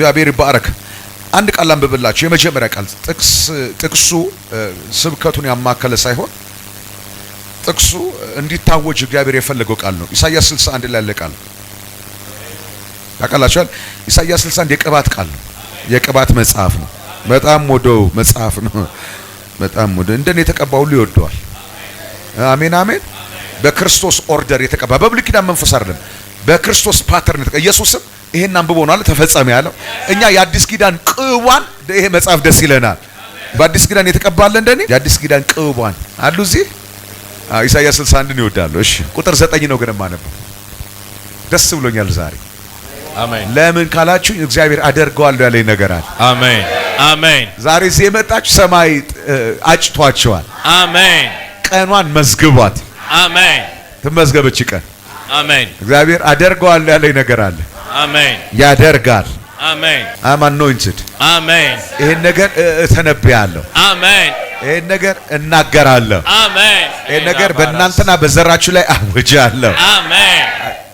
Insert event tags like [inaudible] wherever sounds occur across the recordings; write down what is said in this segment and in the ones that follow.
እግዚአብሔር ይባረክ። አንድ ቃል አንብብላችሁ የመጀመሪያ ቃል ጥቅስ ጥቅሱ ስብከቱን ያማከለ ሳይሆን ጥቅሱ እንዲታወጅ እግዚአብሔር የፈለገው ቃል ነው። ኢሳያስ 61 ላይ ያለ ቃል ታውቃላችኋል። ኢሳያስ 61 የቅባት ቃል ነው፣ የቅባት መጽሐፍ ነው። በጣም ወደው መጽሐፍ ነው። በጣም ወደ እንደኔ የተቀባ ሁሉ ይወደዋል። አሜን አሜን። በክርስቶስ ኦርደር የተቀባ በብሉይ ኪዳን መንፈስ አይደለም፣ በክርስቶስ ፓተርን የተቀባ ኢየሱስም ይሄን አንብቦ ሆኗል ተፈጸመ ያለው። እኛ የአዲስ ኪዳን ቅቧን ይሄ መጽሐፍ ደስ ይለናል። በአዲስ ኪዳን የተቀባለ እንደኔ የአዲስ ኪዳን ቅቧን አሉ እዚህ ኢሳይያስ 61 ነው ይወዳሉ። እሺ ቁጥር 9 ነው ግን የማነበው ደስ ብሎኛል ዛሬ። አሜን። ለምን ካላችሁ እግዚአብሔር አደርገዋለሁ ያለኝ ነገር አለ። አሜን፣ አሜን። ዛሬ እዚህ የመጣችሁ ሰማይ አጭቷቸዋል። አሜን። ቀኗን መዝግቧት። አሜን። ትመዝገበች ቀን። አሜን። እግዚአብሔር አደርገዋለሁ ያለኝ ነገር አለ። ያደርጋል። አም አኖይንትድ ይህን ነገር እተነብያለሁ። ይህን ነገር እናገራለሁ። ይህን ነገር በእናንተና በዘራችሁ ላይ አውጃለሁ።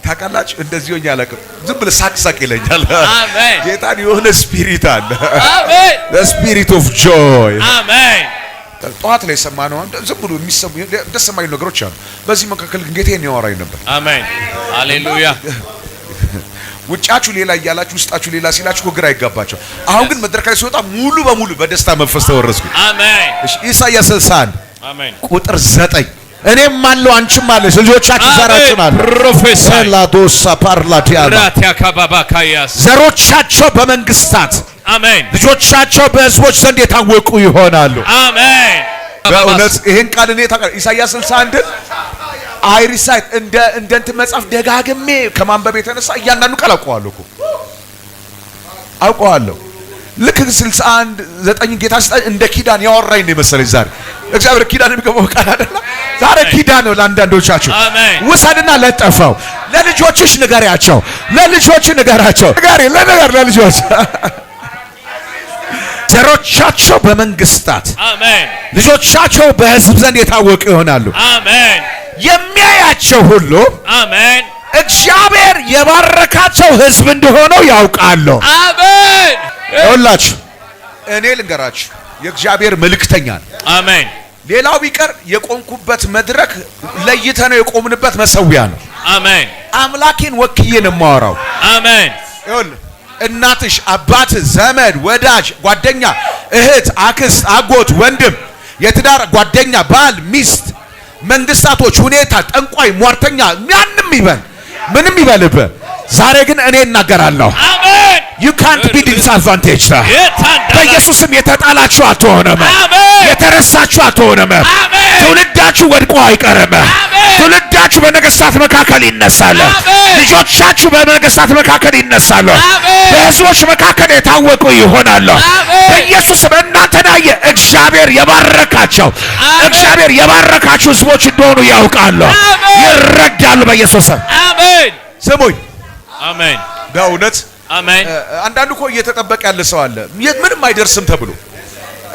ታውቃላችሁ እንደዚህ ሆኜ አላውቅም። ዝም ብለህ ሳቅሳቅ ይለኛል። ጌታን የሆነ ስፒሪት አለ፣ ስፒሪት ኦፍ ጆይ። ጠዋት ላይ የሰማነው ዝም ብሎ የሚሰሙ ደስ ነገሮች አሉ። በዚህ መካከል ግን ጌታ ያወራኝ ነበር። አሜን፣ ሃሌሉያ ውጫችሁ ሌላ እያላችሁ ውስጣችሁ ሌላ ሲላችሁ ግራ ይጋባቸው። አሁን ግን መድረክ ላይ ሲወጣ ሙሉ በሙሉ በደስታ መንፈስ ተወረስኩ። አሜን። እሺ 61 ቁጥር 9 እኔም አለው አንቺም አለሽ ልጆቻችሁ ዘራችሁ ናለ ፕሮፌሰር ላዶሳ ፓርላቲያላ ዘሮቻቸው በመንግስታት አሜን ልጆቻቸው በህዝቦች ዘንድ የታወቁ ይሆናሉ። አሜን። በእውነት ይህን ቃል እኔ ታውቃለህ ኢሳያስ 61 አይሪሳይት እንደ እንደ መጽሐፍ ደጋግሜ ከማንበብ የተነሳ እያንዳንዱ ቃል አውቀዋለሁ እኮ አውቀዋለሁ። ልክ 61 ዘጠኝ ጌታ ስጠኝ እንደ ኪዳን ያወራኝ ነው የመሰለኝ። ዛሬ እግዚአብሔር ኪዳን የሚገባው ቃል አይደለም። ዛሬ ኪዳን ነው ለአንዳንዶቻችሁ። ውሰድና ለጠፋው ለልጆችሽ ንገሪያቸው፣ ለልጆች ንገራቸው፣ ንገሪ ለነገር ለልጆች ዘሮቻቸው በመንግስታት ልጆቻቸው በህዝብ ዘንድ የታወቁ ይሆናሉ። አሜን። የሚያያቸው ሁሉ አሜን እግዚአብሔር የባረካቸው ህዝብ እንደሆነው ያውቃሉ። አሜን። ይኸውላችሁ እኔ ልንገራችሁ የእግዚአብሔር መልእክተኛ ነው። አሜን። ሌላው ቢቀር የቆምኩበት መድረክ ለይተ ነው የቆምንበት መሰዊያ ነው። አሜን። አምላኬን ወክዬ ነው የማወራው። አሜን። ይኸውልህ እናትሽ፣ አባት፣ ዘመድ፣ ወዳጅ፣ ጓደኛ፣ እህት፣ አክስት፣ አጎት፣ ወንድም፣ የትዳር ጓደኛ፣ ባል፣ ሚስት መንግስታቶች፣ ሁኔታ፣ ጠንቋይ፣ ሟርተኛ፣ ማንም ይበል ምንም ይበልብ፣ ዛሬ ግን እኔ እናገራለሁ። አሜን። ዩ ካንት ቢ ዲስአድቫንቴጅ በኢየሱስም የተጣላችሁ አትሆንም። የተረሳችሁ አትሆንም። ትውልዳችሁ ወድቆ አይቀርም። ትውልዳችሁ በነገሥታት መካከል ይነሳል። ልጆቻችሁ በነገሥታት መካከል ይነሳሉ። በሕዝቦች መካከል የታወቁ ይሆናሉ። በኢየሱስ እግዚአብሔር የባረካቸው እግዚአብሔር የባረካችሁ ሕዝቦች እንደሆኑ ያውቃሉ፣ ይረዳሉ። አሜን። በእውነት አሜን። አንዳንዱ እኮ እየተጠበቀ ያለ ሰው አለ ምንም አይደርስም ተብሎ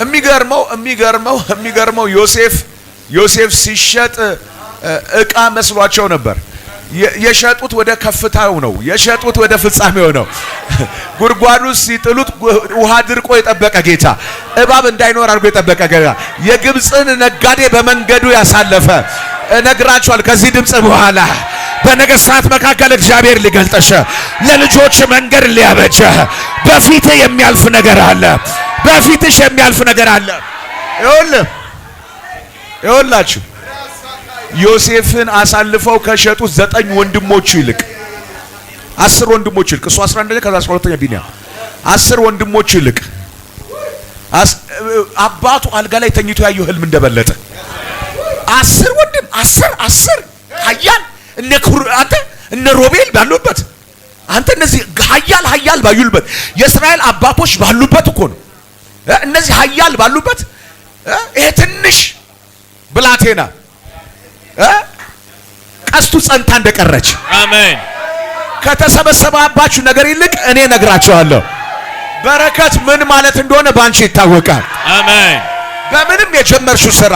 የሚገርመው የሚገርመው የሚገርመው ዮሴፍ ዮሴፍ ሲሸጥ እቃ መስሏቸው ነበር። የሸጡት ወደ ከፍታው ነው የሸጡት ወደ ፍጻሜው ነው። ጉድጓዱ ሲጥሉት ውሃ ድርቆ የጠበቀ ጌታ፣ እባብ እንዳይኖር አድርጎ የጠበቀ ጌታ፣ የግብፅን ነጋዴ በመንገዱ ያሳለፈ እነግራችኋል ከዚህ ድምፅ በኋላ በነገስታት መካከል እግዚአብሔር ሊገልጠሽ፣ ለልጆች መንገድ ሊያበጀ በፊት የሚያልፍ ነገር አለ። በፊትሽ የሚያልፍ ነገር አለ። ይኸውላችሁ ዮሴፍን አሳልፈው ከሸጡት ዘጠኝ ወንድሞቹ ይልቅ አስር ወንድሞቹ ይልቅ እሱ 11 ከዛ 12ኛ ቢኒያም አስር ወንድሞቹ ይልቅ አባቱ አልጋ ላይ ተኝቶ ያየው ህልም እንደበለጠ አስር ወንድም አስር አስር አያል እነ ክብር አንተ እነ ሮቤል ባሉበት አንተ እነዚህ ሀያል ሀያል ባዩልበት የእስራኤል አባቶች ባሉበት እኮ ነው። እነዚህ ሀያል ባሉበት ይሄ ትንሽ ብላቴና ቀስቱ ጸንታ እንደቀረች አሜን። ከተሰበሰባባችሁ ነገር ይልቅ እኔ ነግራችኋለሁ። በረከት ምን ማለት እንደሆነ በአንቺ ይታወቃል። አሜን። በምንም የጀመርሽው ስራ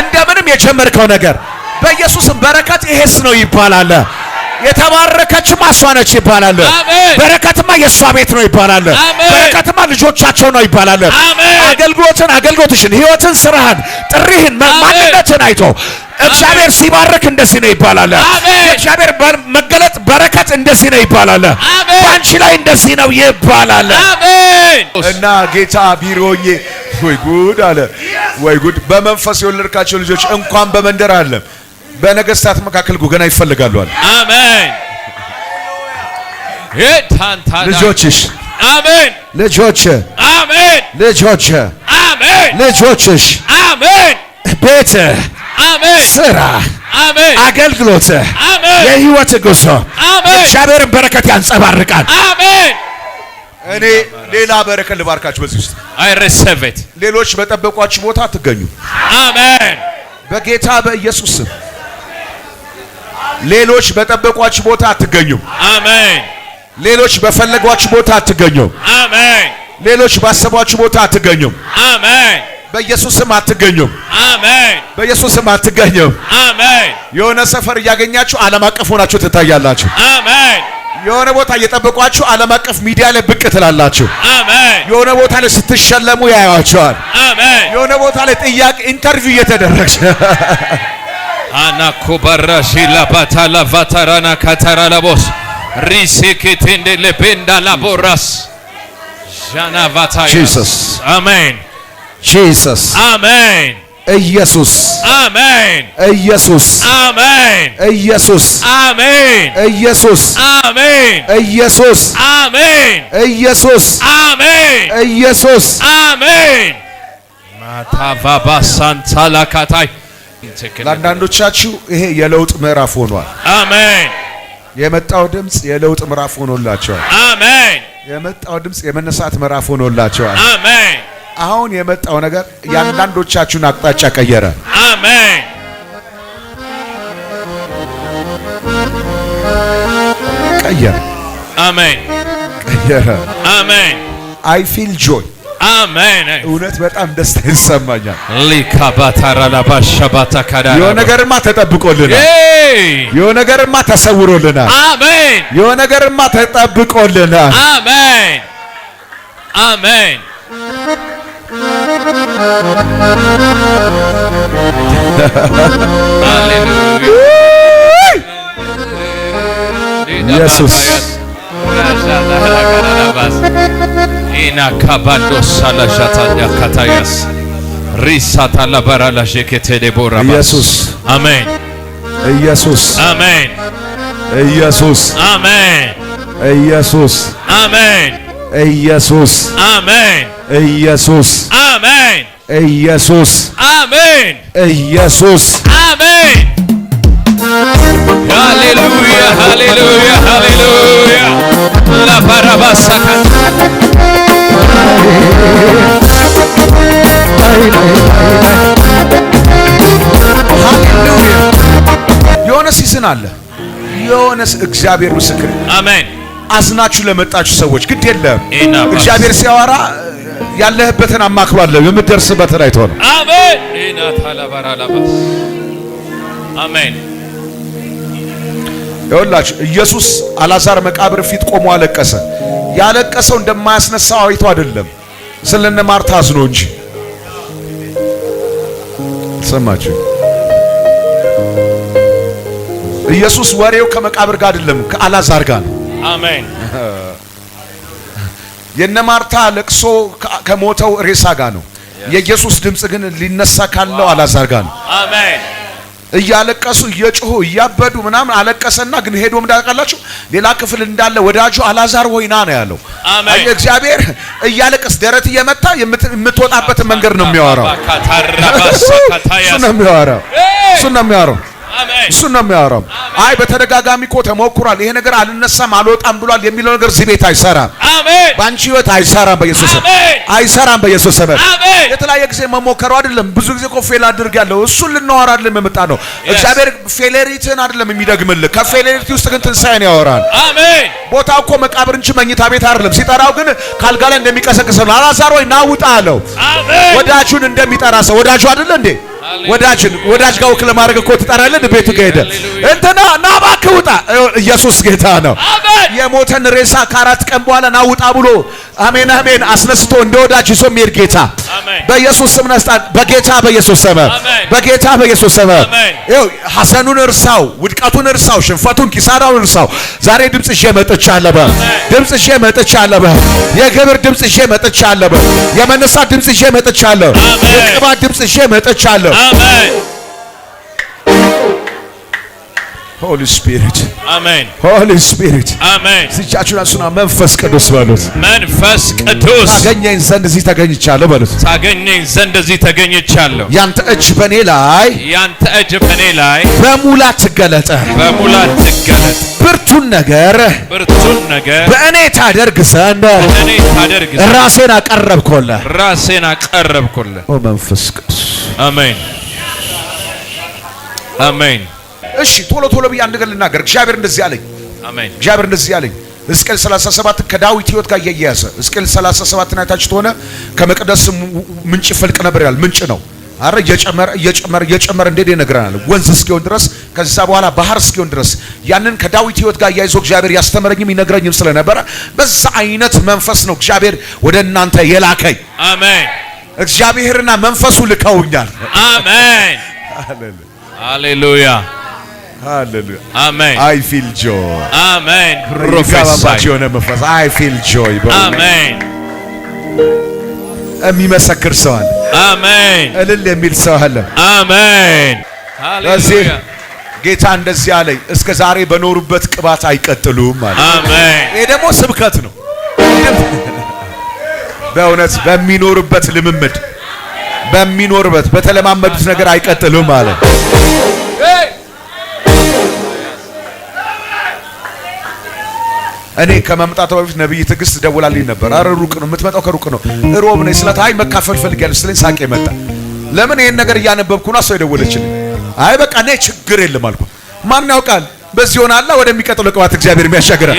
እንደምንም የጀመርከው ነገር በኢየሱስ በረከት ይሄስ ነው ይባላል። የተባረከችማ እሷ ነች ይባላል። በረከትማ የእሷ ቤት ነው ይባላል። በረከትማ ልጆቻቸው ነው ይባላል። አገልግሎትን፣ አገልግሎትሽን፣ ህይወትን፣ ስራህን፣ ጥሪህን፣ ማንነትን አይቶ እግዚአብሔር ሲባርክ እንደዚህ ነው ይባላል። እግዚአብሔር መገለጥ በረከት እንደዚህ ነው ይባላል። በአንቺ ላይ እንደዚህ ነው ይባላል። እና ጌታ ቢሮዬ ወይ ጉድ አለ ወይ ጉድ። በመንፈስ የወለድካቸው ልጆች እንኳን በመንደር አለ በነገስታት መካከል ጉገና ይፈልጋሉ አለ። አሜን። ልጆችሽ አሜን። ልጆች አሜን። ልጆች አሜን። ልጆችሽ አሜን። ቤት አሜን። ስራ አሜን። አገልግሎት አሜን። የህይወት ጉዞ አሜን። እግዚአብሔርን በረከት ያንጸባርቃል። አሜን። እኔ ሌላ በረከት ልባርካችሁ በዚህ ውስጥ አይ ሪሲቭ ኢት ሌሎች በጠበቋችሁ ቦታ አትገኙ። አሜን። በጌታ በኢየሱስ ስም ሌሎች በጠበቋችሁ ቦታ አትገኙም። አሜን። ሌሎች በፈለጓችሁ ቦታ አትገኙም። አሜን። ሌሎች ባሰቧችሁ ቦታ አትገኙም። አሜን። በኢየሱስም አትገኙም። አሜን። በኢየሱስም አትገኙም። አሜን። የሆነ ሰፈር እያገኛችሁ ዓለም አቀፍ ሆናችሁ ትታያላችሁ። አሜን። የሆነ ቦታ እየጠበቋችሁ ዓለም አቀፍ ሚዲያ ላይ ብቅ ትላላችሁ። አሜን። የሆነ ቦታ ላይ ስትሸለሙ ያያችኋል። አሜን። የሆነ ቦታ ላይ ጥያቄ ኢንተርቪው እየተደረገ [laughs] anakubarashilabatalavatarana kataralabos risikitindilipindalaboras ኢየሱስ ኢየሱስ ኢየሱስ ኢየሱስ ኢየሱስ ኢየሱስ ለአንዳንዶቻችሁ ይሄ የለውጥ ምዕራፍ ሆኗል። አሜን። የመጣው ድምፅ የለውጥ ምዕራፍ ሆኖላቸዋል። አሜን። የመጣው ድምፅ የመነሳት ምዕራፍ ሆኖላቸዋል። አሜን። አሁን የመጣው ነገር የአንዳንዶቻችሁን አቅጣጫ ቀየረ። አሜን። ቀየረ። አሜን። ቀየረ። አሜን። አይ ፊል ጆይ አሜን። እውነት በጣም ደስታ ይሰማኛል። ሊካባታራላባሻባታ ካዳ የሆነ ነገርማ ተጠብቆልናል። የሆነ ነገርማ ተሰውሮልናል። አሜን። የሆነ ነገርማ ተጠብቆልናል። አሜን። አሜን። ኢየሱስ ኢና ካባዶ ሳላሻታኛ ካታያስ ሪሳታ ላባራ ላሸኬቴሌቦራ ኢየሱስ አሜን ኢየሱስ አሜን ኢየሱስ አሜን ኢየሱስ አሜን ኢየሱስ አሜን ኢየሱስ አሜን ኢየሱስ አሜን ኢየሱስ አሜን ሃሌሉያ ሃሌሉያ ሃሌሉያ ላባራባሳካ የሆነ ሲዝን አለ። የሆነ እግዚአብሔር ምስክር። አሜን። አዝናችሁ ለመጣችሁ ሰዎች ግድ የለም። እግዚአብሔር ሲያወራ ያለህበትን አማክሯለሁ። የምትደርስበትን አይቶ ነው። አሜን። አሜን። ይኸውላችሁ ኢየሱስ አልዓዛር መቃብር ፊት ቆሞ አለቀሰ። ያለቀሰው እንደማያስነሳው አይቶ አይደለም፣ ስለነ ማርታ አዝኖ እንጂ። ሰማችሁ? ኢየሱስ ወሬው ከመቃብር ጋር አይደለም፣ ከአላዛር ጋር ነው። አሜን። [laughs] የነ ማርታ ለቅሶ ከሞተው ሬሳ ጋር ነው። የኢየሱስ ድምፅ ግን ሊነሳ ካለው አላዛር ጋር ነው። አሜን። እያለቀሱ እየጮሁ እያበዱ ምናምን አለቀሰና፣ ግን ሄዶ እንዳቀላችሁ ሌላ ክፍል እንዳለ ወዳጁ አላዛር ወይና ነው ያለው። አይ እግዚአብሔር እያለቀስ ደረት እየመታ የምትወጣበትን መንገድ ነው የሚያወራው። እሱ ነው የሚያወራው። እሱ ነው የሚያወራው። አይ በተደጋጋሚ እኮ ተሞክሯል፣ ይሄ ነገር አልነሳም አልወጣም ብሏል የሚለው ነገር እዚህ ቤት አይሰራም። አሜን። ባንቺ ህይወት አይሰራም፣ በኢየሱስ አይሰራም፣ በኢየሱስ ስም። የተለያየ ጊዜ መሞከሩ አይደለም። ብዙ ጊዜ እኮ ፌል አድርግ ያለው እሱን ልናወራ አይደለም የመጣ ነው። እግዚአብሔር ፌሌሪትን አይደለም የሚደግምልህ፣ ከፌሌሪቲ ውስጥ ግን ትንሳኤን ያወራል። አሜን። ቦታው እኮ መቃብር እንጂ መኝታ ቤት አይደለም። ሲጠራው ግን ካልጋ ላይ እንደሚቀሰቅስ ነው። አላዛር ወይ ና ውጣ አለው፣ ወዳጁን እንደሚጠራ ሰው ወዳጁ አይደለ እንዴ? ወዳጅን ወዳጅ ጋር ወክ ለማድረግ እኮ ትጠራለህ። ቤቱ ጋር ሄደህ እንትና ና እባክህ ውጣ። ኢየሱስ ጌታ ነው። የሞተን ሬሳ ከአራት ቀን በኋላ ና ውጣ ብሎ አሜን አሜን አስነስቶ እንደ ወዳጅ ይዞ የሚሄድ ጌታ በኢየሱስ ስም ነስጣን በጌታ በኢየሱስ ስም በጌታ በኢየሱስ ስም ሐዘኑን እርሳው። ውድቀቱን እርሳው፣ ሽንፈቱን፣ ኪሳራውን እርሳው። ዛሬ ድምጽ ይዤ መጥቻለሁ። ድምጽ ይዤ መጥቻለሁ። የግብር ድምጽ ይዤ መጥቻለሁ። የመነሳት ድምጽ ይዤ መጥቻለሁ። የቅባት ድምጽ ይዤ መጥቻለሁ። ሆሊ ስፒሪት አሜን። ሆሊ ስፒሪት አሜን። እጃችሁን አንሱና መንፈስ ቅዱስ በሉት። መንፈስ ቅዱስ ታገኘኝ ዘንድ እዚህ ተገኝቻለሁ በሉት። ታገኘኝ ዘንድ እዚህ ተገኝቻለሁ። ያንተ እጅ በኔ ላይ ያንተ እጅ በኔ ላይ በሙላት ትገለጠ በሙላት ትገለጠ። ብርቱን ነገር ብርቱን ነገር በእኔ ታደርግ ዘንድ በእኔ ታደርግ ዘንድ ራሴን አቀረብኩልህ ራሴን አቀረብኩልህ። ኦ መንፈስ ቅዱስ አሜን አሜን። እሺ ቶሎ ቶሎ ብዬ አንድ ነገር ልናገር። እግዚአብሔር እንደዚህ አለኝ። አሜን። እግዚአብሔር እንደዚህ አለኝ። ሕዝቅኤል 37 ከዳዊት ህይወት ጋር እያያዘ ሕዝቅኤል 37 አይታችሁ ከሆነ ከመቅደስ ምንጭ ይፈልቅ ነበር ያል ምንጭ ነው አረ እየጨመረ እየጨመረ እየጨመረ እንደዴ ይነግረናል። ወንዝ እስኪሆን ድረስ ከዛ በኋላ ባህር እስኪሆን ድረስ ያንን ከዳዊት ህይወት ጋር እያይዞ እግዚአብሔር ያስተምረኝም ይነግረኝም ስለነበረ በዛ አይነት መንፈስ ነው እግዚአብሔር ወደ እናንተ የላከኝ። አሜን። እግዚአብሔርና መንፈሱ ልከውኛል። አሜን። ሃሌሉያ Hallelujah. Amen. I feel joy. Amen. የሚመሰክር ሰው አሜን። እልል የሚል ሰው አለ። አሜን። ለዚህ ጌታ እንደዚህ አለኝ፣ እስከ ዛሬ በኖሩበት ቅባት አይቀጥሉም አለ። አሜን። ይሄ ደግሞ ስብከት ነው። በእውነት በሚኖርበት ልምምድ፣ በሚኖርበት በተለማመዱት ነገር አይቀጥሉም አለ። እኔ ከመምጣቷ በፊት ነብይ ትዕግስት ደውላልኝ ነበር። አረ ሩቅ ነው የምትመጣው፣ ከሩቅ ነው ሮብ ነው ስለት አይ መካፈል ፈልጋለሁ ስለኝ ሳቄ መጣ። ለምን ይሄን ነገር እያነበብኩ ነው? ሰው የደወለችልኝ። አይ በቃ እኔ ችግር የለም አልኩ። ማን ያውቃል በዚህ ሆነ ሆናላ ወደሚቀጥለው ቅባት እግዚአብሔር የሚያሻገራ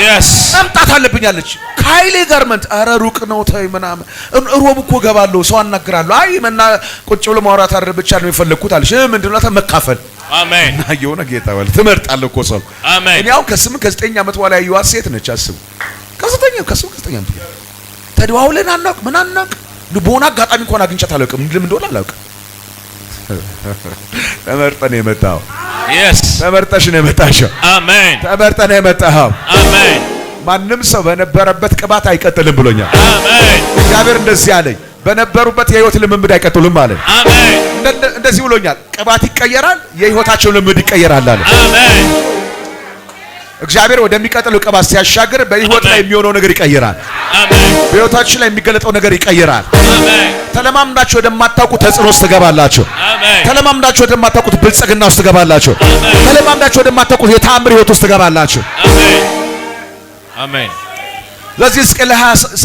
መምጣት አለብኝ አለች። ከኃይሌ ጋርመንት አረ ሩቅ ነው ተይ ምናምን ሮብ እኮ ገባለሁ ሰው አናግራለሁ። አይ መና ቁጭ ብሎ ማውራት አረ ብቻ ነው የፈለግኩት አለች። ምንድነው ነው መካፈል አሜን። እና የሆነ ጌታ ባለ ትመርጣለህ እኮ ሰው አሜን። እኔ አሁን ከዘጠኝ ዓመት በኋላ ያየኋት ሴት ነች። አስቡ ከዘጠኝ ከዘጠኝ ዓመት ተደዋውለን አናውቅ ምን አናውቅ በሆነ አጋጣሚ እንኳን አግኝቻት አላውቅም። እንደሆነ አላውቅም። [laughs] ተመርጠን የመጣው ኢየስ ተመርጠሽ ነው የመጣሽው። አሜን። ተመርጠን አሜን። ማንም ሰው በነበረበት ቅባት አይቀጥልም ብሎኛል። አሜን። እግዚአብሔር እንደዚህ አለኝ። በነበሩበት የህይወት ልምምድ አይቀጥሉም ማለት አሜን። እንደዚህ ብሎኛል። ቅባት ይቀየራል፣ የህይወታቸው ልምምድ ይቀየራል አለ። አሜን። እግዚአብሔር ወደሚቀጥለው ቅባት ሲያሻግር በህይወት ላይ የሚሆነው ነገር ይቀይራል። አሜን። በህይወታችን ላይ የሚገለጠው ነገር ይቀይራል። አሜን። ተለማምዳችሁ ወደማታውቁት ተጽዕኖ ውስጥ ትገባላችሁ። አሜን። ተለማምዳችሁ ወደማታውቁት ብልጽግና ውስጥ ትገባላችሁ። ተለማምዳችሁ ወደማታውቁት የታምር ህይወት ውስጥ ትገባላችሁ። አሜን። አሜን። ለዚህ ሕዝቅኤል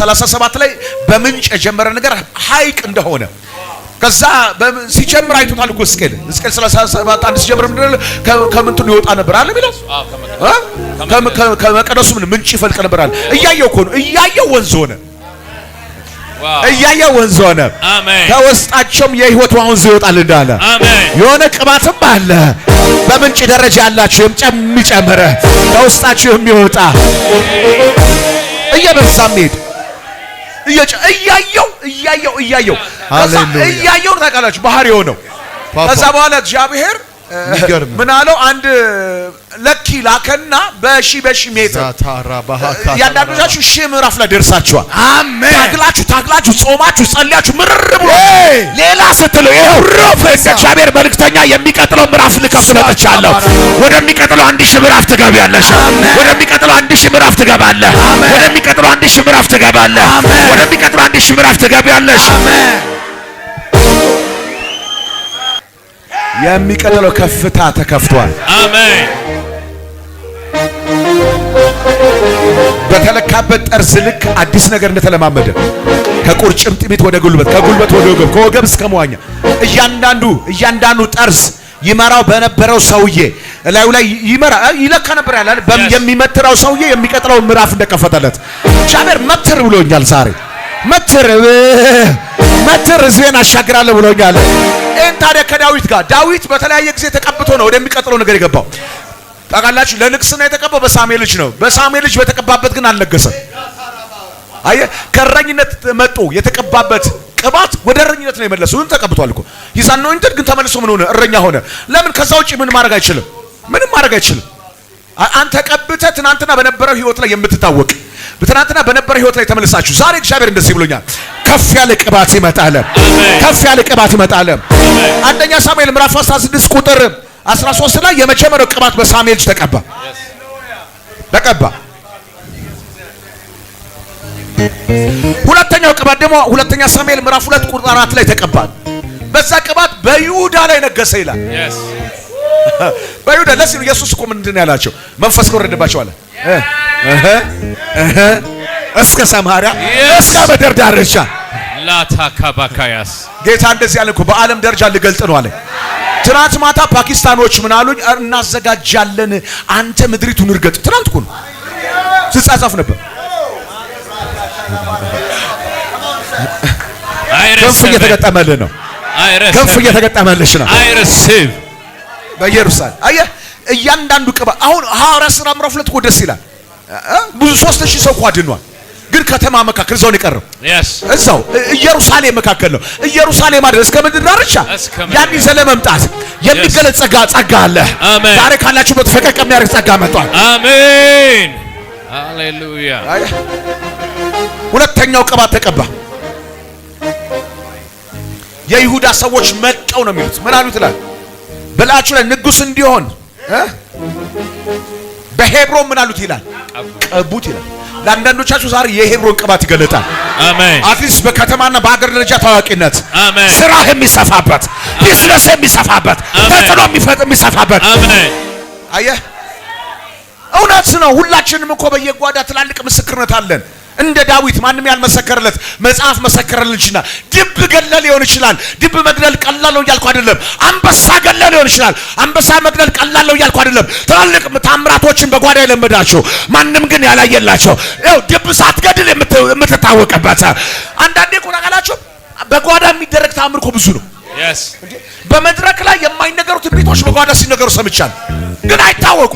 37 ላይ በምንጭ የጀመረ ነገር ሀይቅ እንደሆነ ከዛ ሲጀምር አይቶታል እኮ ሕዝቅኤል ሕዝቅኤል 37 አንድ ሲጀምር ምንድነው ከምንትኑ ይወጣ ነበር አለ ሚለው ከመቀደሱ ምን ምንጭ ይፈልቅ ነበር አለ። እያየው እኮ ነው እያየው ወንዝ ሆነ እያየው ወንዝ ሆነ። ከውስጣቸውም የህይወት ወንዝ ይወጣል እንዳለ የሆነ ቅባትም አለ። በምንጭ ደረጃ ያላችሁ የሚጨምረ ከውስጣችሁ የሚወጣ እየበዛ ሄድ እያየው እያየው እያየው እያየው ታውቃላችሁ ባህሪ የሆነው ከዛ በኋላ እግዚአብሔር ምን አለው አንድ ለኪ ላከና በሺ በሺ ሜትር ያንዳንዶቻችሁ ሺ ምዕራፍ ላይ ደርሳችኋል። አሜን። ታግላችሁ ታግላችሁ ጾማችሁ ጸልያችሁ ምርር ብሎ ሌላ ስትሉ ይኸው እግዚአብሔር መልእክተኛ የሚቀጥለው ምዕራፍ ልከፍት መጥቻለሁ። ወደሚቀጥለው አንድ ሺህ ምዕራፍ ትገቢያለሽ። ወደሚቀጥለው አንድ ሺህ ምዕራፍ ትገባለህ። ወደሚቀጥለው አንድ ሺህ ምዕራፍ ትገባለህ። ወደሚቀጥለው አንድ ሺህ ምዕራፍ ትገቢያለሽ። የሚቀጥለው ከፍታ ተከፍቷል። አሜን። በተለካበት ጠርዝ ልክ አዲስ ነገር እንደተለማመደ ከቁርጭምጭሚት ወደ ጉልበት፣ ከጉልበት ወደ ወገብ፣ ከወገብ እስከ መዋኛ እያንዳንዱ እያንዳንዱ ጠርዝ ይመራው በነበረው ሰውዬ ላዩ ላይ ይመራ ይለካ ነበር ያለ የሚመትረው ሰውዬ የሚቀጥለው ምዕራፍ እንደከፈተለት እግዚአብሔር መትር ብሎኛል። ዛሬ መትር መትር ህዝቤን አሻግራለሁ ብሎኛል። ይሄን ታዲያ ከዳዊት ጋር ዳዊት በተለያየ ጊዜ ተቀብቶ ነው ወደሚቀጥለው ነገር የገባው። ታውቃላችሁ፣ ለንግስና የተቀባው በሳሜ ልጅ ነው። በሳሜ ልጅ በተቀባበት ግን አልነገሰም። አየ ከእረኝነት መጡ የተቀባበት ቅባት ወደ እረኝነት ነው የመለሰው። ሁሉም ተቀብቷል እኮ ይዛን ነው እንትን ግን ተመልሶ ምን ሆነ? እረኛ ሆነ። ለምን? ከዛ ውጪ ምን ማድረግ አይችልም። ምንም ማድረግ አይችልም። አንተ ቀብተህ ትናንትና በነበረው ህይወት ላይ የምትታወቅ በትናንትና በነበረ ህይወት ላይ ተመልሳችሁ ዛሬ እግዚአብሔር እንደዚህ ብሎኛል። ከፍ ያለ ቅባት ይመጣል። ከፍ ያለ ቅባት ይመጣል። አንደኛ ሳሙኤል ምዕራፍ 16 ቁጥር 13 ላይ የመጀመሪያው ቅባት በሳሙኤል እጅ ተቀባ ተቀባ። ሁለተኛው ቅባት ደግሞ ሁለተኛ ሳሙኤል ምዕራፍ 2 ቁጥር 4 ላይ ተቀባ። በዛ ቅባት በይሁዳ ላይ ነገሰ ይላል። በይሁዳ ለዚህ ኢየሱስ እኮ ምንድን ያላቸው መንፈስ ከወረደባቸው አለ እስከ ሰማርያ እስከ ምድር ዳርቻ ላታካባካያስ ጌታ እንደዚህ ያለ እኮ በዓለም ደረጃ ልገልጥ ነው አለ። ትናንት ማታ ፓኪስታኖች ምን አሉኝ? እናዘጋጃለን አንተ ምድሪቱን እርገጥ። ትናንት እኮ ነው ስጻጻፍ ነበር። ክንፍ እየተገጠመልህ ነው። ክንፍ እየተገጠመልሽ ነው። በኢየሩሳሌም አየህ፣ እያንዳንዱ ቅባ አሁን ሐዋርያ ሥራ ምዕራፍ ሁለት እኮ ደስ ይላል። ብዙ ሶስት ሺህ ሰው እኮ አድኗል። ግን ከተማ መካከል እዛው ነው የቀረው። እዛው ኢየሩሳሌም መካከል ነው። ኢየሩሳሌም አይደል እስከ ምድር ዳርቻ ያን ይዘህ ለመምጣት የሚገለጽ ጸጋ ጸጋ አለ። ዛሬ ካላችሁበት ፈቀቅ የሚያደርግ ጸጋ መጥቷል። አሜን፣ ሃሌሉያ። ሁለተኛው ቅባት ተቀባ። የይሁዳ ሰዎች መጠው ነው የሚሉት ምን አሉት ይላል በላያችሁ ላይ ንጉስ እንዲሆን በሄብሮን ምን አሉት ይላል ቀቡት ይላል። ለአንዳንዶቻችሁ ዛሬ የሄብሮን ቅባት ይገለጣል። አሜን። አትሊስት በከተማና በሀገር ደረጃ ታዋቂነት፣ አሜን። ስራ የሚሰፋበት፣ ቢዝነስ የሚሰፋበት፣ ተጽዕኖ የሚሰፋበት። አሜን። አየህ፣ እውነት ነው። ሁላችንም እኮ በየጓዳ ትላልቅ ምስክርነት አለን። እንደ ዳዊት ማንም ያልመሰከረለት መጽሐፍ መሰከረልንችና ድብ ገለ ሊሆን ይችላል። ድብ መግደል ቀላል ነው እያልኩ አይደለም። አንበሳ ገለ ሊሆን ይችላል። አንበሳ መግደል ቀላል ነው እያልኩ አይደለም። ትላልቅ ታምራቶችን በጓዳ የለመዳቸው ማንም ግን ያላየላቸው ያው ድብ ሳትገድል የምትታወቅበት አንዳንዴ ቁራቃላችሁ በጓዳ የሚደረግ ታምር እኮ ብዙ ነው። በመድረክ ላይ የማይነገሩ ትንቢቶች በጓዳ ሲነገሩ ሰምቻለሁ፣ ግን አይታወቁ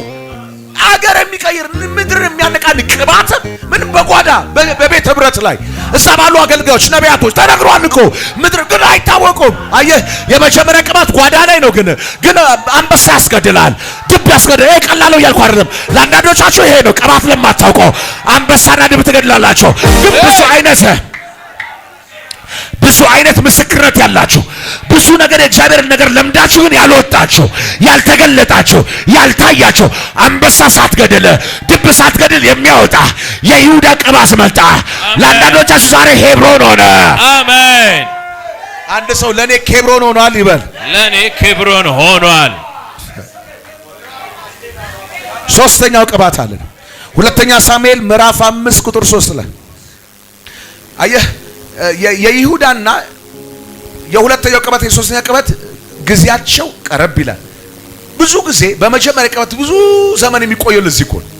አገር የሚቀይር ምድር የሚያነቃንቅ ቅባት ምን በጓዳ በቤት ህብረት ላይ እዛ ባሉ አገልጋዮች ነቢያቶች ተነግሯል እኮ ምድር ግን አይታወቁም። አየህ የመጀመሪያ ቅባት ጓዳ ላይ ነው። ግን ግን አንበሳ ያስገድላል፣ ድብ ያስገድላል። ይሄ ቀላል ነው እያልኩ አይደለም። ለአንዳንዶቻችሁ ይሄ ነው ቅባት ለማታውቀው አንበሳና ድብ ትገድላላቸው። ግን ብዙ አይነት ብዙ አይነት ምስክርነት ያላችሁ ብዙ ነገር የእግዚአብሔርን ነገር ለምዳችሁ ግን ያልወጣችሁ ያልተገለጣችሁ ያልታያችሁ አንበሳ ሳትገድል ድብ ሳትገድል የሚያወጣ የይሁዳ ቅባ አስመልጣ ለአንዳንዶቻችሁ ዛሬ ሄብሮን ሆነ። አሜን። አንድ ሰው ለእኔ ኬብሮን ሆኗል ይበል። ለእኔ ኬብሮን ሆኗል። ሶስተኛው ቅባት አለን። ሁለተኛ ሳሙኤል ምዕራፍ አምስት ቁጥር ሶስት ላይ አየህ የይሁዳና የሁለተኛው ቅበት የሶስተኛው ቅበት ጊዜያቸው ቀረብ ይላል። ብዙ ጊዜ በመጀመሪያ ቅበት ብዙ ዘመን የሚቆየው ለዚህ እኮ ነው።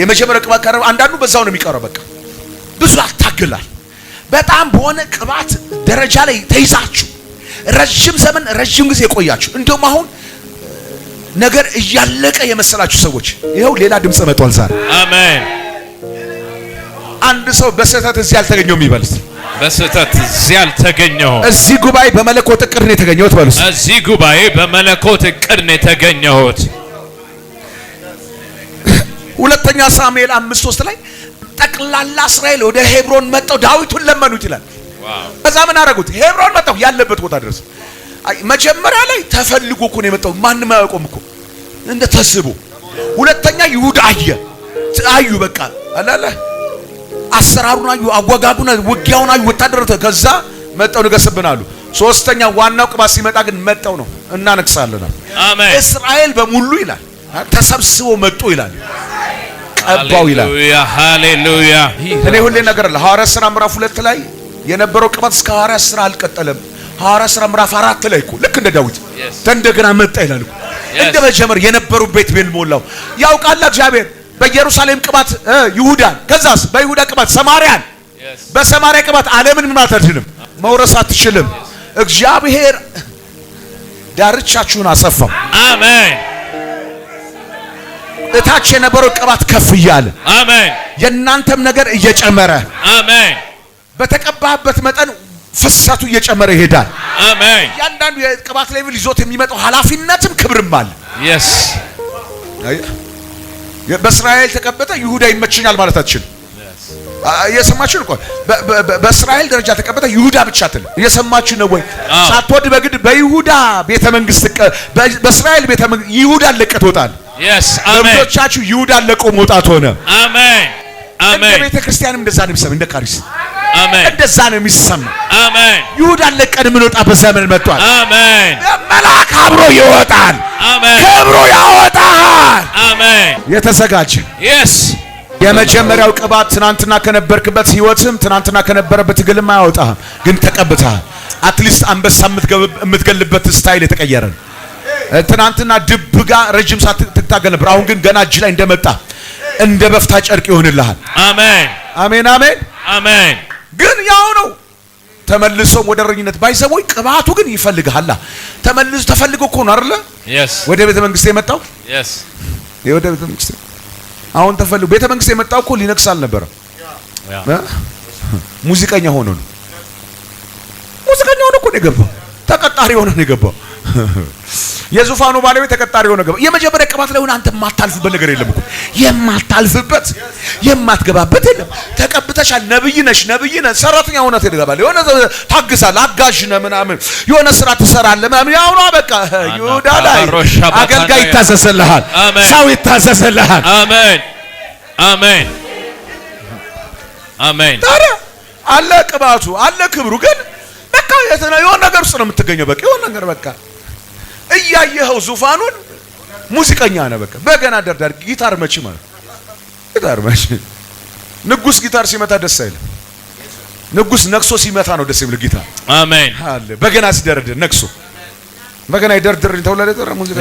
የመጀመሪያው ቀረብ፣ አንዳንዱ በዛው ነው የሚቀረው። በቃ ብዙ ያታግላል። በጣም በሆነ ቅባት ደረጃ ላይ ተይዛችሁ ረጅም ዘመን ረጅም ጊዜ የቆያችሁ እንደውም አሁን ነገር እያለቀ የመሰላችሁ ሰዎች ይኸው ሌላ ድምፅ መጥቷል ዛሬ አሜን። አንድ ሰው በስህተት እዚህ አልተገኘሁም ይበል። በስህተት እዚህ አልተገኘሁም። እዚህ ጉባኤ በመለኮት እቅድ ነው የተገኘሁት በሉ። እዚህ ጉባኤ በመለኮት እቅድ ነው የተገኘሁት። ሁለተኛ ሳሙኤል አምስት ሶስት ላይ ጠቅላላ እስራኤል ወደ ሄብሮን መጠው ዳዊቱን ለመኑት ይላል። ከዛ ምን አደረጉት? ሄብሮን መጠው ያለበት ቦታ ድረስ መጀመሪያ ላይ ተፈልጎ እኮ ነው የመጣው። ማንም አያውቀውም እኮ እንደ ተስቦ። ሁለተኛ ይሁዳ አየ አዩ በቃ አላለ አሰራሩን አዩ፣ አወጋጉን አዩ፣ ውጊያውን አዩ፣ ወታደሮች ከዛ መጠው አሉ። ሶስተኛ ዋናው ቅባት ሲመጣ ግን መጠው ነው እናነግሳለን። አሜን። እስራኤል በሙሉ ይላል ተሰብስቦ መጡ ይላል ቀባው ይላል። ሃሌሉያ። እኔ ሁሌ ነገር አለ ሐዋርያት ሥራ ምዕራፍ ሁለት ላይ የነበረው ቅባት እስከ ሐዋርያት ሥራ አልቀጠለም። ሐዋርያ ሥራ ምዕራፍ አራት ላይ እኮ ልክ እንደ ዳዊት እንደገና መጣ ይላል እኮ እንደ መጀመር የነበሩ ቤት ቤል ሞላው ያውቃል እግዚአብሔር በኢየሩሳሌም ቅባት ይሁዳን፣ ከዛስ በይሁዳ ቅባት ሰማርያን፣ በሰማርያ ቅባት ዓለምን ምን አትችልም፣ መውረስ አትችልም። እግዚአብሔር ዳርቻችሁን አሰፋው። አሜን። እታች የነበረው ቅባት ከፍ እያለ አሜን። የእናንተም ነገር እየጨመረ አሜን። በተቀባህበት መጠን ፍሰቱ እየጨመረ ይሄዳል። አሜን። እያንዳንዱ የቅባት ሌቭል ይዞት የሚመጣው ኃላፊነትም ክብርም አለ። በእስራኤል ተቀበጠ ይሁዳ ይመቸኛል ማለት አትችልም። እየሰማችሁ እኮ በእስራኤል ደረጃ ተቀበጠ ይሁዳ ብቻ አትል። እየሰማችሁ ነው ወይ? ሳትወድ በግድ በይሁዳ ቤተ መንግስት በእስራኤል ቤተ መንግስት ይሁዳ ለቀ ትወጣለህ። yes አሜን። ብዙዎቻችሁ ይሁዳ ለቆ መውጣት ሆነ። አሜን አሜን። እንደ ቤተ ክርስቲያንም እንደዛ ነው የሚሰማው እንደ ካሪስ እንደዛ ነው የሚሰማው። አሜን። ይሁዳን ለቀን የምንወጣበት ዘመን መጥቷል። አሜን። መልአክ አብሮ ይወጣል። አሜን። ክብሩ ያወጣል። አሜን። የተዘጋጀ ኢየስ የመጀመሪያው ቅባት ትናንትና ከነበርክበት ህይወትም ትናንትና ከነበረበት ግልም አያወጣህም፣ ግን ተቀብተሃል። አትሊስት አንበሳ የምትገልበት ስታይል የተቀየረ ነው። ትናንትና ድብ ረጅም ሰዓት ነበር። አሁን ግን ገና እጅ ላይ እንደመጣ እንደ በፍታ ጨርቅ ይሆንልሃል። አሜን፣ አሜን፣ አሜን፣ አሜን። ግን ያው ነው። ተመልሰው ወደ እረኝነት ባይዘቦይ ቅባቱ ግን ይፈልግሃል። ተመልሶ ተፈልጎ እኮ ነው አይደለ? ወደ ቤተ መንግስት የመጣው ወደ ቤተ መንግስት አሁን ተፈልጎ ቤተ መንግስት የመጣው እኮ ሊነግስ አልነበረም። ሙዚቀኛ ሆኖ ነው። ሙዚቀኛ ሆኖ እኮ ነው የገባው። ተቀጣሪ ሆኖ ነው የገባው። [laughs] የዙፋኑ ባለቤት ተቀጣሪ ሆነ ገባ። የመጀመሪያ ቅባት ላይ ሆነ አንተ የማታልፍበት ነገር የለም እኮ የማታልፍበት የማትገባበት የለም። ተቀብተሻል። ነብይ ነሽ፣ ነብይ ነሽ። ሰራተኛ ሆነ ትገባለህ። የሆነ ታግሳለህ፣ አጋዥ ነህ ምናምን፣ የሆነ ስራ ትሰራለህ ምናምን። ያው ነው በቃ። ይሁዳ ላይ አገልጋይ ይታዘዝልሃል፣ ሰው ይታዘዝልሃል። አሜን፣ አሜን፣ አሜን። ታዲያ አለ ቅባቱ አለ ክብሩ ግን በቃ የሆነ ነገር ውስጥ ነው የምትገኘው። በቃ የሆነ ነገር በቃ እያየኸው ዙፋኑን ሙዚቀኛ ነህ። በቃ በገና ደርዳር ጊታር መቺ ማለት ጊታር መቺ ንጉስ ጊታር ሲመታ ደስ አይልም። ንጉስ ነክሶ ሲመታ ነው ደስ የሚል ጊታር። አሜን አለ በገና ሲደረድር ነክሶ በገና ይደርድር ተውላለ ተራ ሙዚቃ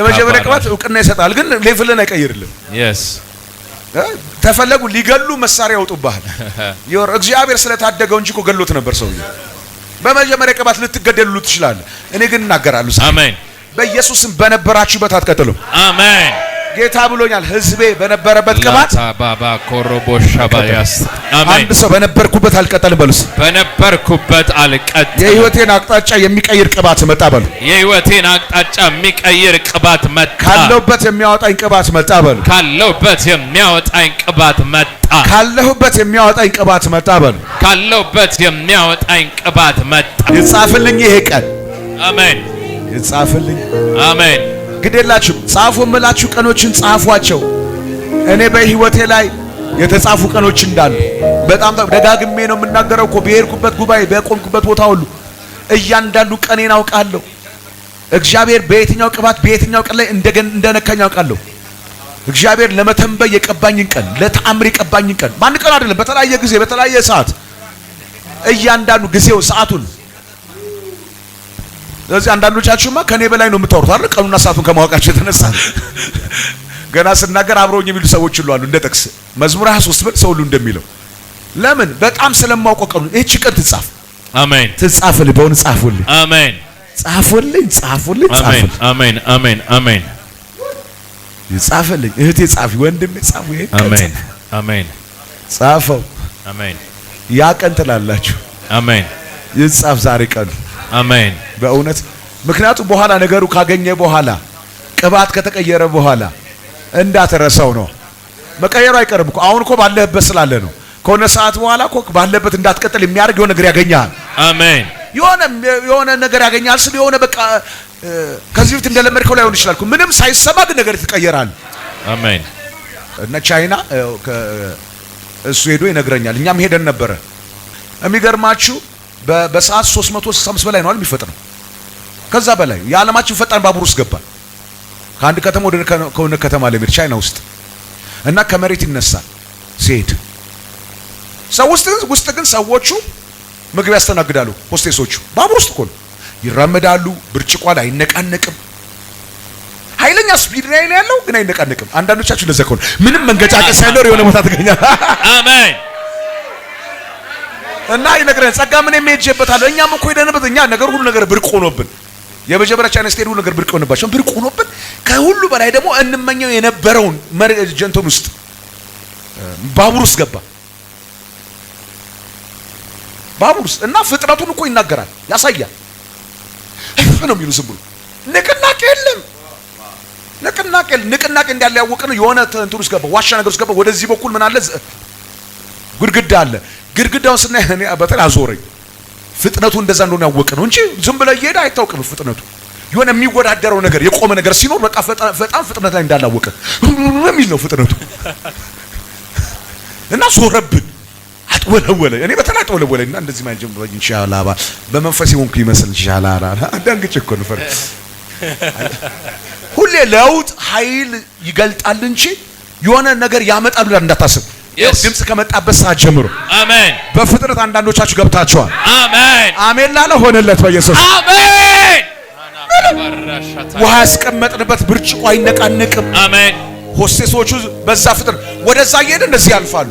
የመጀመሪያ ቅባት እውቅና ይሰጣል፣ ግን ሌቭልን አይቀይርልም። ተፈለጉ ሊገሉ መሳሪያ ያውጡብሃል። [laughs] እግዚአብሔር ስለታደገው እንጂ እኮ ገሎት ነበር ሰውዬው። በመጀመሪያ ቅባት ልትገደሉ ትችላለህ። እኔ ግን እናገራለሁ። አሜን። በኢየሱስም በነበራችሁበት አትቀጥሉም። አሜን። ጌታ ብሎኛል። ህዝቤ በነበረበት ቅባት አንድ ሰው በነበርኩበት አልቀጠልም በሉስ። በነበርኩበት አልቀጠልም። የህይወቴን አቅጣጫ የሚቀይር ቅባት መጣ በሉ። የህይወቴን አቅጣጫ የሚቀይር ቅባት መጣ። ካለሁበት የሚያወጣኝ ቅባት መጣ በሉ። ካለሁበት የሚያወጣኝ ቅባት መጣ። ካለሁበት የሚያወጣኝ ቅባት መጣ በሉ። ካለሁበት የሚያወጣኝ ቅባት መጣ። ይጻፍልኝ ይሄ ቀን። አሜን። ይጻፍልኝ። አሜን ግዴላችሁ ጻፉ የምላችሁ ቀኖችን ጻፏቸው። እኔ በህይወቴ ላይ የተጻፉ ቀኖች እንዳሉ በጣም ደጋግሜ ነው የምናገረው እኮ በሄድኩበት ጉባኤ፣ በቆምኩበት ቦታ ሁሉ እያንዳንዱ ቀኔን አውቃለሁ። እግዚአብሔር በየትኛው ቅባት በየትኛው ቀን ላይ እንደነካኝ አውቃለሁ። እግዚአብሔር ለመተንበይ የቀባኝን ቀን ለተአምር የቀባኝን ቀን ማን ቀን አይደለም፣ በተለያየ ጊዜ በተለያየ ሰዓት እያንዳንዱ ጊዜው ሰዓቱን ስለዚህ አንዳንዶቻችሁማ ከኔ በላይ ነው የምታወሩት አይደል? ቀኑና ሰዓቱን ከማወቃችሁ የተነሳ ገና ስናገር አብረውኝ የሚሉ ሰዎች ሁሉ አሉ። እንደ ጥቅስ መዝሙር 23 ብር ሰው ሁሉ እንደሚለው ለምን በጣም ስለማውቀው ቀኑ እቺ ቀን ትጻፍ። አሜን። ትጻፍልኝ፣ በእውን ጻፉልኝ። አሜን። ጻፉልኝ፣ ጻፉልኝ፣ ጻፉልኝ። አሜን፣ አሜን፣ አሜን። ይጻፈልኝ፣ እህቴ ጻፊ፣ ወንድሜ ጻፉ። ይሄ አሜን፣ አሜን። ጻፈው፣ አሜን። ያ ቀን ትላላችሁ። አሜን። ይጻፍ ዛሬ ቀኑ አሜን። በእውነት ምክንያቱም በኋላ ነገሩ ካገኘ በኋላ ቅባት ከተቀየረ በኋላ እንዳትረሳው ነው። መቀየሩ አይቀርም እኮ አሁን እኮ ባለህበት ስላለ ነው። ከሆነ ሰዓት በኋላ እኮ ባለህበት እንዳትቀጥል የሚያደርግ የሆነ ነገር ያገኛል። አሜን። የሆነ ነገር ያገኛል ስል የሆነ በቃ ከዚህ በፊት እንደለመድከው ላይሆን ይችላል። ምንም ሳይሰማ ግን ነገር ትቀየራል። አሜን። እነ ቻይና እሱ ሄዶ ይነግረኛል። እኛም ሄደን ነበረ። የሚገርማችሁ በሰዓት 365 በላይ ነው አይደል የሚፈጥነው? ከዛ በላይ የዓለማችን ፈጣን ባቡር ውስጥ ገባ። ከአንድ ከተማ ወደ ከሆነ ከተማ ለሚሄድ ቻይና ውስጥ እና ከመሬት ይነሳል ሲሄድ ሰው ውስጥ ውስጥ ግን ሰዎቹ ምግብ ያስተናግዳሉ። ሆስቴሶቹ ባቡር ውስጥ እኮ ነው ይራመዳሉ። ብርጭቋ ላይ አይነቃነቅም። ኃይለኛ ስፒድ ላይ ነው ያለው፣ ግን አይነቃነቅም። አንዳንዶቻችሁ እንደዛ ከሆነ ምንም መንገጫቀስ ሳይኖር የሆነ ቦታ ትገኛል። አሜን እና ይነግረን ጸጋ ምን የሚሄጀበታል። እኛም እኮ ሄደንበት እኛ ነገር ሁሉ ነገር ብርቅ ሆኖብን የመጀመሪያችን ስቴድ ሁሉ ነገር ብርቅ ሆንባቸው ብርቅ ሆኖብን ከሁሉ በላይ ደግሞ እንመኘው የነበረውን ጀንቶን ውስጥ ባቡር ውስጥ ገባ ባቡር ውስጥ እና ፍጥረቱን እኮ ይናገራል ያሳያል። እፍ ነው የሚሉ ዝም ብሎ ንቅናቄ የለም ንቅናቄ ንቅናቄ እንዳለ ያወቅን የሆነ እንትን ውስጥ ገባ ዋሻ ነገር ውስጥ ገባ። ወደዚህ በኩል ምን አለ ግድግዳ አለ ግድግዳውን ስናይ እኔ በጣም አዞረኝ። ፍጥነቱ እንደዛ እንደሆነ ያወቀ ነው እንጂ ዝም ብለህ እየሄደ አይታወቅም። ፍጥነቱ የሆነ የሚወዳደረው ነገር የቆመ ነገር ሲኖር በቃ በጣም ፍጥነት ላይ እንዳላወቀ የሚል ነው ፍጥነቱ [laughs] እና ዞረብን አጥወለወለ። እኔ በተለይ አጥወለወለ እና እንደዚህ ማለት ጀምሮ ኢንሻአላህ ባ በመንፈስ ይሆንኩ ይመስል ኢንሻአላህ አላ አዳንግጭ እኮ ነው። [laughs] ሁሌ ለውጥ ኃይል ይገልጣል እንጂ የሆነ ነገር ያመጣል ብላ እንዳታስብ። ድምጽ ከመጣበት ሰዓት ጀምሮ አሜን። በፍጥነት አንዳንዶቻችሁ ገብታችኋል። አሜን አሜን ላለ ሆነለት በኢየሱስ አሜን። ውሃ ያስቀመጥንበት ብርጭቆ አይነቃነቅም። አሜን። ሆስቴሶቹ በዛ ፍጥነት ወደዛ እየሄደ እንደዚህ ያልፋሉ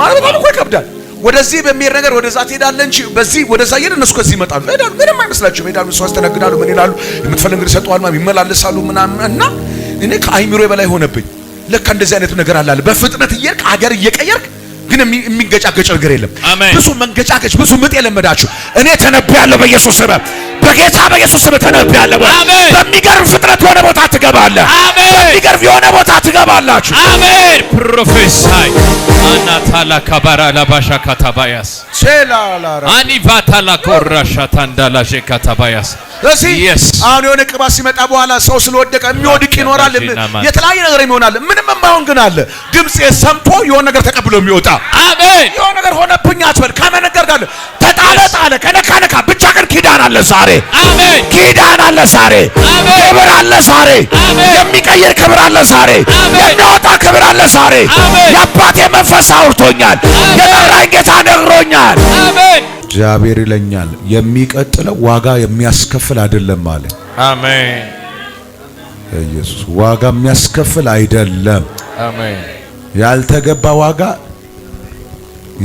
ማለት በጣም እኮ ይከብዳል። ወደዚህ በሚሄድ ነገር ወደዛ ትሄዳለህ እንጂ በዚህ ወደዛ እየሄደ እነሱ ከዚህ ይመጣሉ። ሄዳሉ ምንም አይመስላችሁም። ሄዳሉ እሱ ያስተናግዳሉ። ምን ይላሉ? የምትፈልግ እንግዲህ ሰጠዋል። ይመላልሳሉ ምናምን እና እኔ ከአይምሮ በላይ ሆነብኝ። ለካ እንደዚህ አይነቱ ነገር አለ። በፍጥነት እየሄድክ አገር እየቀየርክ ግን የሚገጫገጭ ነገር የለም። ብዙ መንገጫገጭ፣ ብዙ ምጥ የለመዳችሁ እኔ ተነብያለሁ። በኢየሱስ ስም፣ በጌታ በኢየሱስ ስም ተነብያለሁ። በሚገርም ፍጥነት የሆነ ቦታ ትገባለህ። በሚገርም የሆነ ቦታ ትገባላችሁ። አሜን ፕሮፌሳይ አናታላ ካባራ ላባሻ ካታባያስ አኒቫታላ ኮራሻ ታንዳላሼ ካታባያስ አሁን የሆነ ቅባት ሲመጣ በኋላ ሰው ስለወደቀ የሚወድቅ ይኖራል፣ የተለያየ ነገር ይሆናል። ምንም የማይሆን ግን አለ ድምፅ ሰምቶ የሆነ ነገር ተቀብሎ የሚወጣ አሜን። የሆነ ነገር ሆነብኝ አትበል። ከመነገር ጋር ተጣበጥ አለ ከነካ ነካ ብቻ ግን ኪዳን አለ ዛሬ አሜን። ኪዳን አለ ዛሬ አሜን። ክብር አለ ዛሬ አሜን። የሚቀየር ክብር አለ ዛሬ የሚያወጣ ክብር አለ ዛሬ የአባቴ መንፈስ መንፈስ አውርቶኛል። የጠራኝ ጌታ ነግሮኛል። እግዚአብሔር ይለኛል የሚቀጥለው ዋጋ የሚያስከፍል አይደለም አለ። አሜን። ኢየሱስ ዋጋ የሚያስከፍል አይደለም። አሜን። ያልተገባ ዋጋ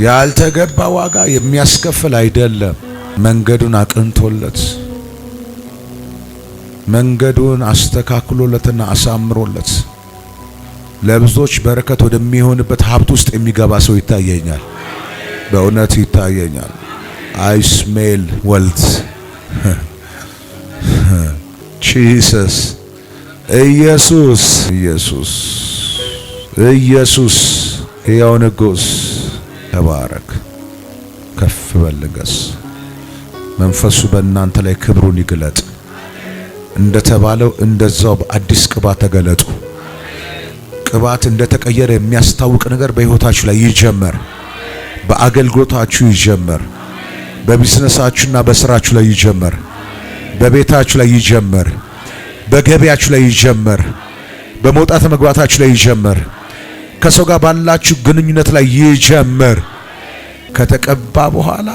ያልተገባ ዋጋ የሚያስከፍል አይደለም። መንገዱን አቅንቶለት መንገዱን አስተካክሎለትና አሳምሮለት ለብዙዎች በረከት ወደሚሆንበት ሀብት ውስጥ የሚገባ ሰው ይታየኛል። በእውነት ይታየኛል። አይ ስሜል ወልት ጂሰስ [laughs] ኢየሱስ ኢየሱስ ኢየሱስ ሕያው ንጉሥ ተባረክ። ከፍ በልገስ መንፈሱ በእናንተ ላይ ክብሩን ይግለጥ። እንደተባለው እንደዛው በአዲስ ቅባት ተገለጡ። ቅባት እንደተቀየረ የሚያስታውቅ ነገር በህይወታችሁ ላይ ይጀመር። በአገልግሎታችሁ ይጀመር። በቢዝነሳችሁና በስራችሁ ላይ ይጀመር። በቤታችሁ ላይ ይጀመር። በገበያችሁ ላይ ይጀመር። በመውጣት መግባታችሁ ላይ ይጀመር። ከሰው ጋር ባላችሁ ግንኙነት ላይ ይጀመር። ከተቀባ በኋላ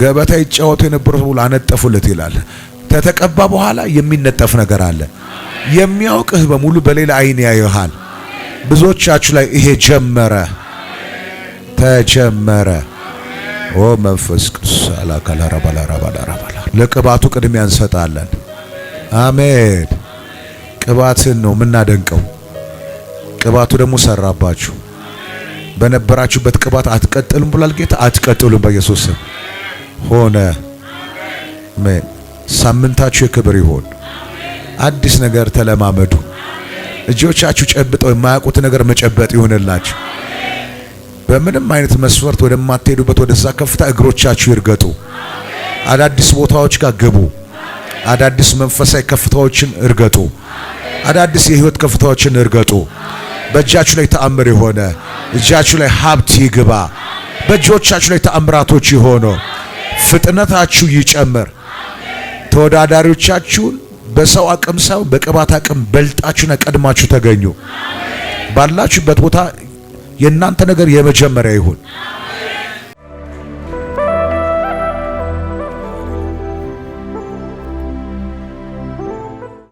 ገበታ ይጫወቱ የነበሩት ሁሉ አነጠፉለት ይላል። ከተቀባ በኋላ የሚነጠፍ ነገር አለ። የሚያውቅህ በሙሉ በሌላ አይን ያዩሃል። ብዙዎቻችሁ ላይ ይሄ ጀመረ ተጀመረ። ኦ መንፈስ ቅዱስ አላካላራባላራባላራባ ለቅባቱ ቅድሚያ እንሰጣለን። አሜን። ቅባትን ነው የምናደንቀው። ቅባቱ ደግሞ ሰራባችሁ። በነበራችሁበት ቅባት አትቀጥሉም ብሏል ጌታ። አትቀጥሉም በኢየሱስ ስም ሆነ። አሜን። ሳምንታችሁ የክብር ይሆን። አዲስ ነገር ተለማመዱ። እጆቻችሁ ጨብጠው የማያውቁት ነገር መጨበጥ ይሆንላችሁ። በምንም አይነት መስፈርት ወደማትሄዱበት ወደዛ ከፍታ እግሮቻችሁ ይርገጡ። አዳዲስ ቦታዎች ጋር ግቡ። አዳዲስ መንፈሳዊ ከፍታዎችን እርገጡ። አዳዲስ የህይወት ከፍታዎችን እርገጡ። በእጃችሁ ላይ ተአምር የሆነ እጃችሁ ላይ ሀብት ይግባ። በእጆቻችሁ ላይ ተአምራቶች የሆነ ፍጥነታችሁ ይጨምር። ተወዳዳሪዎቻችሁን በሰው አቅም ሰው በቅባት አቅም በልጣችሁና ቀድማችሁ ተገኙ። ባላችሁበት ቦታ የእናንተ ነገር የመጀመሪያ ይሁን።